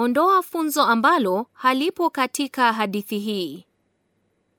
Ondoa funzo ambalo halipo katika hadithi hii.